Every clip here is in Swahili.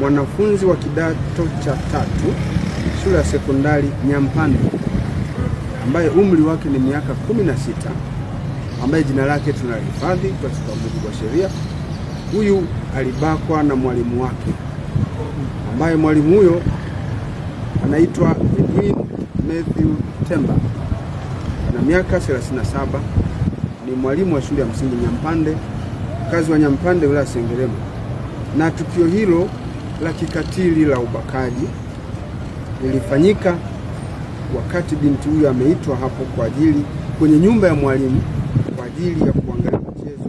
mwanafunzi wa kidato cha tatu shule ya sekondari Nyampande ambaye umri wake ni miaka kumi na sita ambaye jina lake tunalihifadhi katika mujibu wa sheria. Huyu alibakwa na mwalimu wake ambaye mwalimu huyo anaitwa Edwin Matthew Temba na miaka 37 ni mwalimu wa shule ya msingi Nyampande, mkazi wa Nyampande wilaya Sengerema, na tukio hilo la kikatili la ubakaji lilifanyika wakati binti huyu ameitwa hapo kwa ajili kwenye nyumba ya mwalimu kwa ajili ya kuangalia mchezo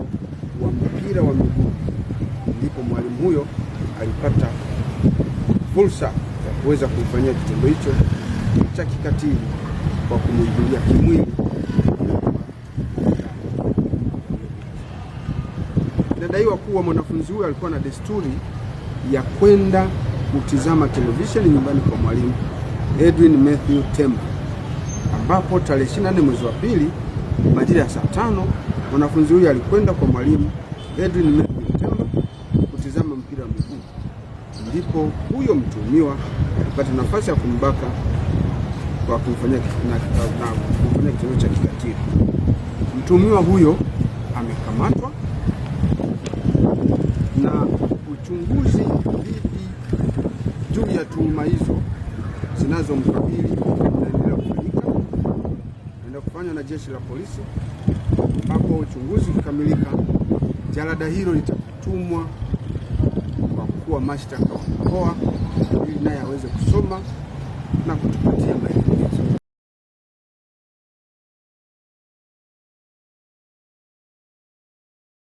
wa mpira wa miguu, ndipo mwalimu huyo alipata fursa ya kuweza kumfanyia kitendo hicho cha kikatili kwa kumuingilia kimwili. Inadaiwa kuwa mwanafunzi huyo alikuwa na desturi ya kwenda kutizama televisheni nyumbani kwa mwalimu Edwin Matthew Temba, ambapo tarehe 24 mwezi wa pili majira ya saa tano mwanafunzi huyu alikwenda kwa mwalimu Edwin Matthew Temba kutizama mpira wa miguu, ndipo huyo mtuhumiwa alipata nafasi ya kumbaka kwa kumfanyia kitendo cha kikatili. Mtuhumiwa huyo amekamatwa na uchunguzi tuhuma hizo zinazomkabili zinaendelea kufanyika, naenda kufanywa na jeshi la polisi, ambapo uchunguzi ukikamilika, jalada hilo litatumwa kwa mkuu wa mashtaka wa mkoa ili naye aweze kusoma na kutu